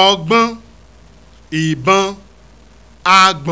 ọgbọ́n ìbọn àgbọ̀n